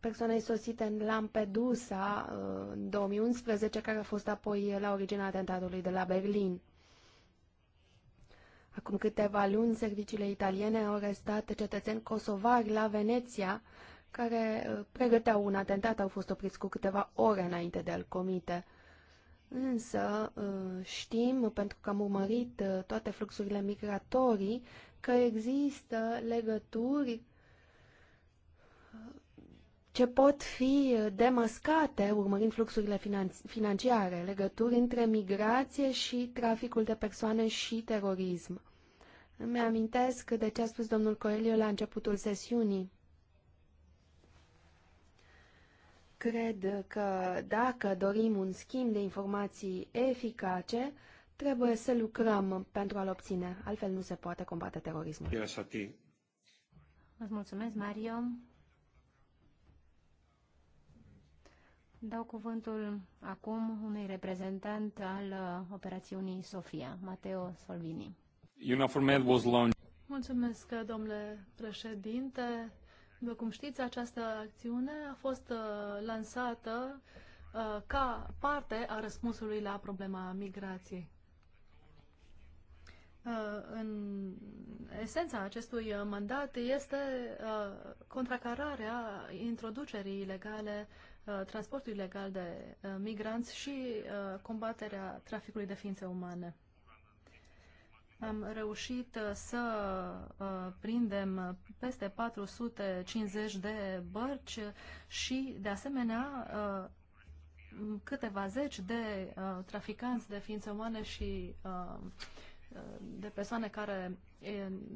persoanei sosite în Lampedusa uh, în 2011, care a fost apoi la originea atentatului de la Berlin. Acum câteva luni, serviciile italiene au arestat cetățeni kosovari la Veneția, uh, care uh, pregăteau un atentat au fost opriți cu câteva ore înainte de a-l comite. Însă uh, știm, pentru că am urmărit uh, toate fluxurile migratorii, că există legături ce pot fi demascate urmărind fluxurile financiare, legături între migrație și traficul de persoane și terorism. Îmi amintesc de ce a spus domnul Coelho la începutul sesiunii. Cred că dacă dorim un schimb de informații eficace, trebuie să lucrăm pentru a-l obține. Altfel nu se poate combate terorismul. Yes, Vă mulțumesc, Mario. Dau cuvântul acum unui reprezentant al uh, operațiunii Sofia, Mateo Solvini. was launched. Mulțumesc, domnule președinte. După cum știți, această acțiune a fost uh, lansată uh, ca parte a răspunsului la problema migrației. Uh, în esența acestui mandat este uh, contracararea introducerii ilegale, uh, transportului ilegal de uh, migranți și combaterea traficului de ființe umane am reușit uh, să uh, prindem peste 450 de bărci și, de asemenea, uh, câteva zeci de traficanți de ființe umane și de persoane care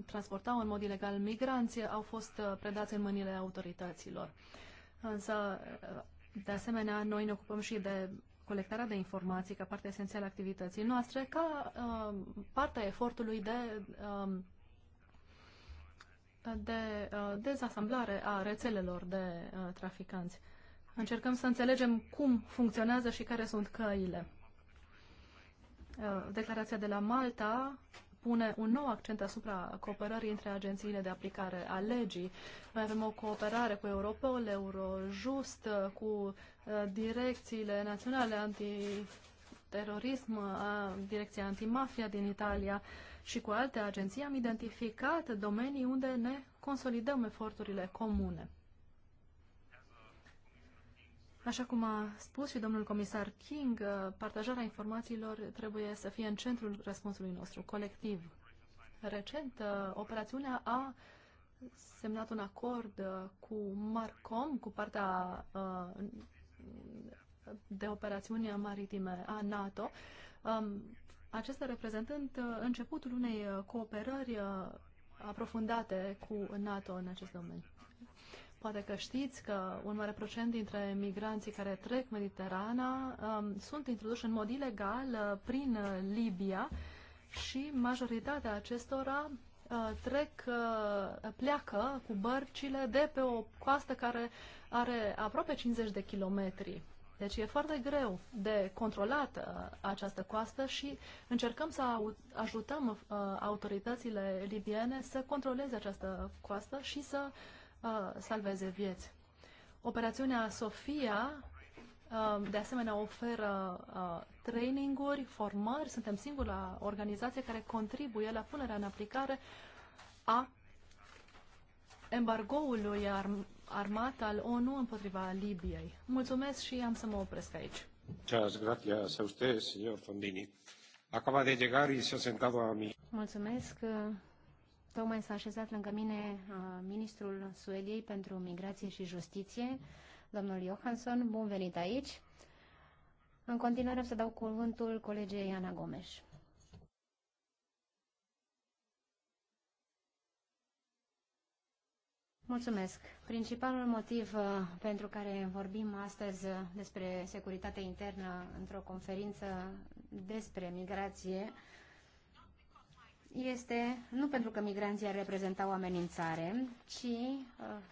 transportau în mod ilegal migranți au fost predați în mâinile autorităților. Însă, de asemenea, noi ne ocupăm și de colectarea de informații ca parte esențială a activității noastre, ca uh, partea efortului de, uh, de uh, dezasamblare a rețelelor de uh, traficanți. Încercăm să înțelegem cum funcționează și care sunt căile. Uh, declarația de la Malta pune un nou accent asupra cooperării între agențiile de aplicare a legii. Noi avem o cooperare cu Europol, Eurojust, cu uh, direcțiile naționale antiterorism, uh, direcția antimafia din Italia și cu alte agenții. Am identificat domenii unde ne consolidăm eforturile comune. Așa cum a spus și domnul comisar King, uh, partajarea informațiilor trebuie să fie în centrul răspunsului nostru, colectiv. Recent, uh, operațiunea a semnat un acord uh, cu Marcom, cu partea de operațiuni maritime a NATO, um, acesta reprezentând începutul unei cooperări aprofundate cu NATO în acest domeniu. Poate că știți că un mare procent dintre migranții care trec Mediterana um, sunt introduși în mod ilegal uh, prin uh, Libia și majoritatea acestora uh, trec, uh, pleacă cu bărcile de pe o coastă care are aproape 50 de kilometri. Deci e foarte greu de controlată uh, această coastă și încercăm să ajutăm uh, autoritățile libiene să controleze această coastă și să uh, salveze vieți. Operațiunea Sofia de asemenea, oferă traininguri, formări. Suntem singura organizație care contribuie la punerea în aplicare a embargoului armat al ONU împotriva Libiei. Mulțumesc și am să mă opresc aici. Muchas gracias a usted, señor Fondini. Acaba de llegar y se ha sentado a mí. Mulțumesc. Tocmai s-a așezat lângă mine ministrul Suediei pentru Migrație și Justiție, domnul Johansson. Bun venit aici! În continuare să dau cuvântul colegei Ana Gomes. Mulțumesc. Principalul motiv pentru care vorbim astăzi despre securitatea internă într-o conferință despre migrație este nu pentru că migranții ar reprezenta o amenințare, ci uh,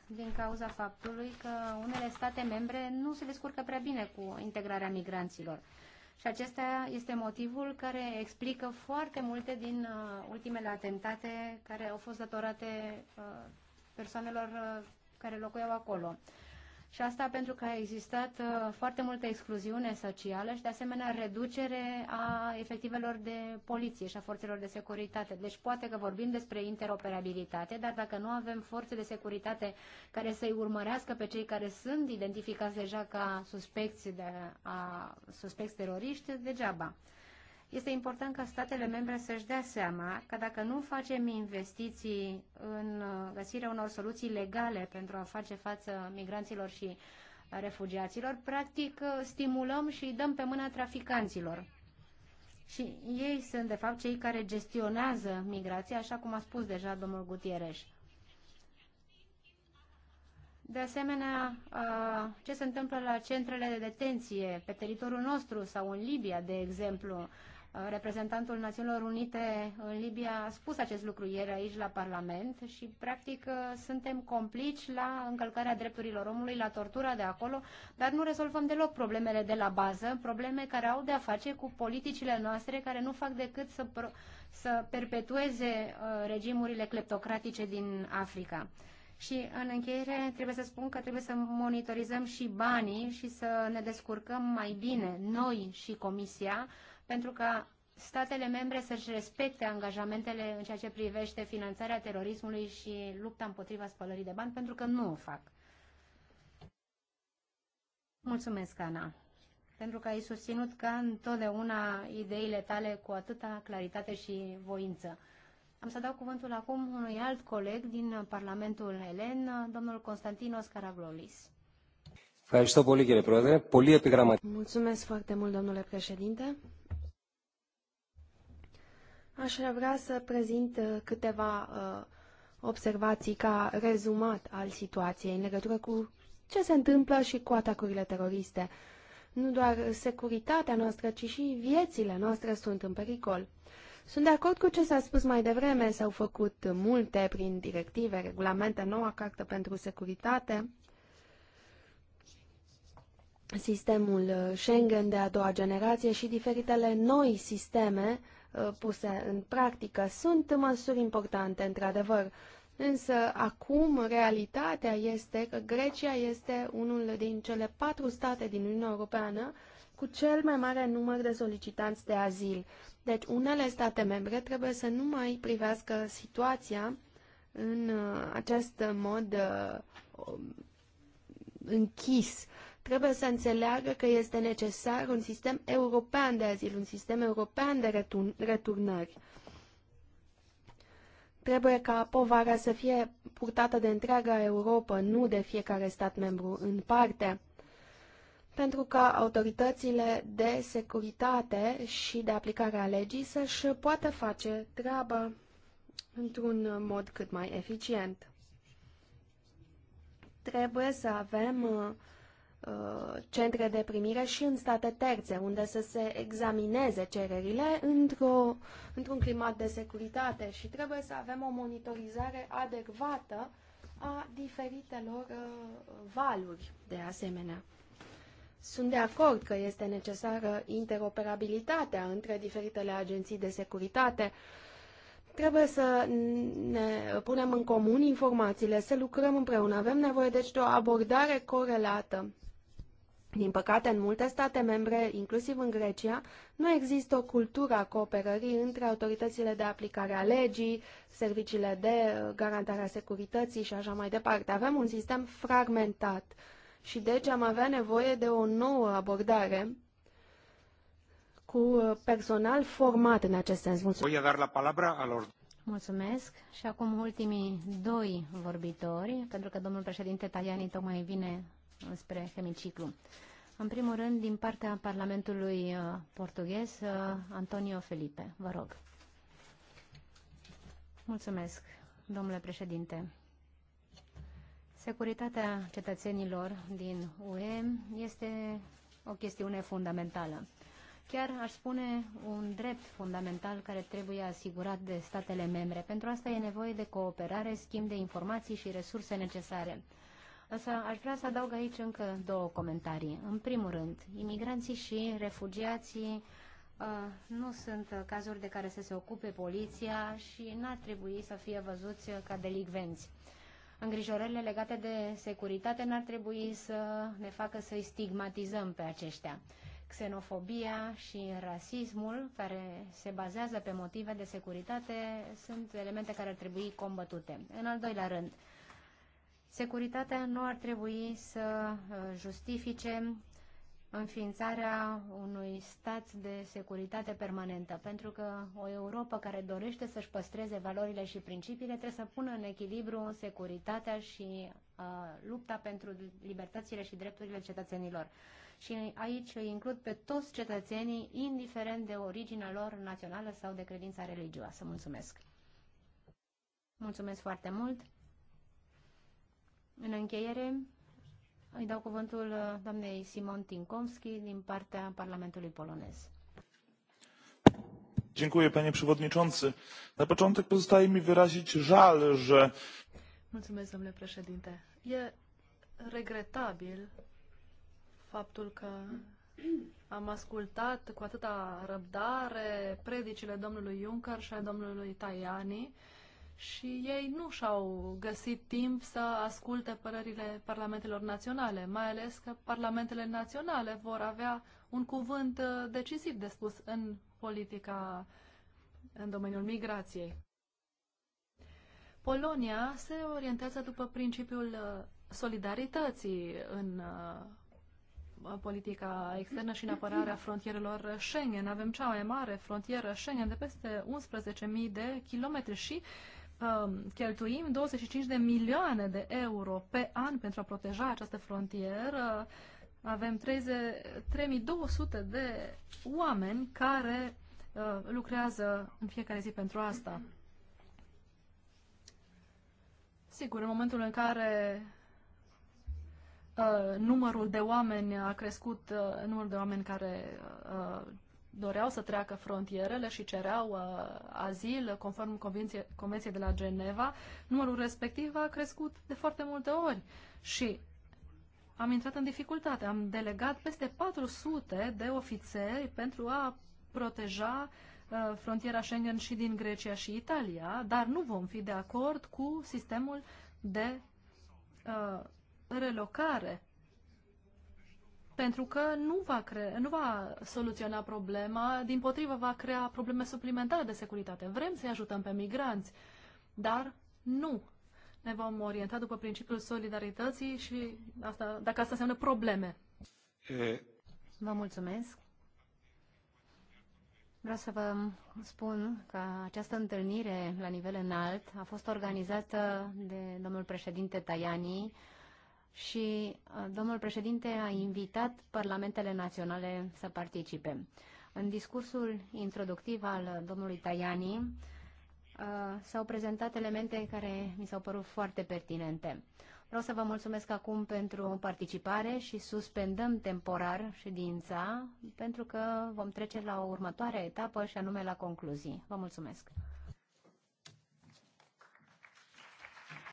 din cauza faptului că unele state membre nu se descurcă prea bine cu integrarea migranților. Și acesta este motivul care explică foarte multe din uh, ultimele atentate care au fost datorate uh, persoanelor uh, care locuiau acolo. Și asta pentru că a existat uh, foarte multă excluziune socială și, de asemenea, reducere a efectivelor de poliție și a forțelor de securitate. Deci poate că vorbim despre interoperabilitate, dar dacă nu avem forțe de securitate care să-i urmărească pe cei care sunt identificați deja ca suspecți, de, a, suspecți teroriști, degeaba este important ca statele membre să-și dea seama că dacă nu facem investiții în uh, găsirea unor soluții legale pentru a face față migranților și refugiaților, practic uh, stimulăm și dăm pe mâna traficanților. Și ei sunt, de fapt, cei care gestionează migrația, așa cum a spus deja domnul Gutiereș. De asemenea, uh, ce se întâmplă la centrele de detenție pe teritoriul nostru sau în Libia, de exemplu, Uh, reprezentantul Națiunilor Unite în Libia a spus acest lucru ieri aici la Parlament și practic uh, suntem complici la încălcarea drepturilor omului, la tortura de acolo, dar nu rezolvăm deloc problemele de la bază, probleme care au de a face cu politicile noastre care nu fac decât să, pro- să perpetueze uh, regimurile cleptocratice din Africa. Și în încheiere trebuie să spun că trebuie să monitorizăm și banii și să ne descurcăm mai bine noi și Comisia pentru ca statele membre să-și respecte angajamentele în ceea ce privește finanțarea terorismului și lupta împotriva spălării de bani, pentru că nu o fac. Mulțumesc, Ana, pentru că ai susținut ca întotdeauna ideile tale cu atâta claritate și voință. Am să dau cuvântul acum unui alt coleg din Parlamentul Elen, domnul Constantinos Caraglolis. Mulțumesc foarte mult, domnule președinte. Aș vrea să prezint uh, câteva uh, observații ca rezumat al situației în legătură cu ce se întâmplă și cu atacurile teroriste. Nu doar securitatea noastră, ci și viețile noastre sunt în pericol. Sunt de acord cu ce s-a spus mai devreme, s-au făcut multe prin directive, regulamente, noua carte pentru securitate, sistemul uh, Schengen de a doua generație și diferitele noi sisteme uh, Uh, puse în practică. Sunt măsuri importante, într-adevăr, însă acum realitatea este că Grecia este unul din cele patru state din Uniunea Europeană cu cel mai mare număr de solicitanți de azil. Deci unele state membre trebuie să nu mai privească situația în uh, acest mod uh, um, închis trebuie să înțeleagă că este necesar un sistem european de azil, un sistem european de returnări. Trebuie ca povara să fie purtată de întreaga Europa, nu de fiecare stat membru în parte, pentru ca autoritățile de securitate și de aplicare a legii să-și poată face treaba într-un mod cât mai eficient. Trebuie să avem uh, Uh, centre de primire și în state terțe, unde să se examineze cererile într-o, într-un climat de securitate și trebuie să avem o monitorizare adecvată a diferitelor uh, valuri de asemenea. Sunt de acord că este necesară interoperabilitatea între diferitele agenții de securitate. Trebuie să ne punem în comun informațiile, să lucrăm împreună. Avem nevoie, deci, de o abordare corelată din păcate, în multe state membre, inclusiv în Grecia, nu există o cultură a cooperării între autoritățile de aplicare a legii, serviciile de garantare a securității și așa mai departe. Avem un sistem fragmentat și deci am avea nevoie de o nouă abordare cu personal format în acest sens. Mulțumesc. Voi la palabra a Mulțumesc. Și acum ultimii doi vorbitori, pentru că domnul președinte Tajani tocmai vine spre hemiciclu. În primul rând, din partea Parlamentului uh, portughez, uh, Antonio Felipe. Vă rog. Mulțumesc, domnule președinte. Securitatea cetățenilor din UE este o chestiune fundamentală. Chiar aș spune un drept fundamental care trebuie asigurat de statele membre. Pentru asta e nevoie de cooperare, schimb de informații și resurse necesare. Însă aș vrea să adaug aici încă două comentarii. În primul rând, imigranții și refugiații uh, nu sunt cazuri de care să se ocupe poliția și n-ar trebui să fie văzuți ca delicvenți. Îngrijorările legate de securitate n-ar trebui să ne facă să-i stigmatizăm pe aceștia. Xenofobia și rasismul, care se bazează pe motive de securitate, sunt elemente care ar trebui combătute. În al doilea rând, Securitatea nu ar trebui să uh, justifice înființarea unui stat de securitate permanentă, pentru că o Europa care dorește să-și păstreze valorile și principiile trebuie să pună în echilibru securitatea și uh, lupta pentru libertățile și drepturile cetățenilor. Și aici îi includ pe toți cetățenii, indiferent de originea lor națională sau de credința religioasă. Mulțumesc! Mulțumesc foarte mult! În încheiere, îi dau cuvântul uh, doamnei Simon Tinkomski din partea Parlamentului Polonez. Dziękuję, panie przewodniczący. Na początek pozostaje mi wyrazić żal, że... Mulțumesc, domnule președinte. E regretabil faptul că am ascultat cu atâta răbdare predicile domnului Juncker și a domnului Tajani, și ei nu și-au găsit timp să asculte părerile parlamentelor naționale, mai ales că parlamentele naționale vor avea un cuvânt uh, decisiv de spus în politica în domeniul migrației. Polonia se orientează după principiul uh, solidarității în uh, politica externă și în apărarea frontierelor Schengen. Avem cea mai mare frontieră Schengen de peste 11.000 de kilometri și Um, cheltuim 25 de milioane de euro pe an pentru a proteja această frontieră. Avem 30, 3200 de oameni care uh, lucrează în fiecare zi pentru asta. Sigur, în momentul în care uh, numărul de oameni a crescut, uh, numărul de oameni care doreau să treacă frontierele și cereau uh, azil conform convenție, Convenției de la Geneva, numărul respectiv a crescut de foarte multe ori și am intrat în dificultate. Am delegat peste 400 de ofițeri pentru a proteja uh, frontiera Schengen și din Grecia și Italia, dar nu vom fi de acord cu sistemul de uh, relocare pentru că nu va, crea, nu va soluționa problema, din potrivă va crea probleme suplimentare de securitate. Vrem să-i ajutăm pe migranți, dar nu ne vom orienta după principiul solidarității și asta, dacă asta înseamnă probleme. E... Vă mulțumesc. Vreau să vă spun că această întâlnire la nivel înalt a fost organizată de domnul președinte Tajani, și uh, domnul președinte a invitat parlamentele naționale să participe. În discursul introductiv al domnului Tajani uh, s-au prezentat elemente care mi s-au părut foarte pertinente. Vreau să vă mulțumesc acum pentru participare și suspendăm temporar ședința pentru că vom trece la o următoare etapă și anume la concluzii. Vă mulțumesc!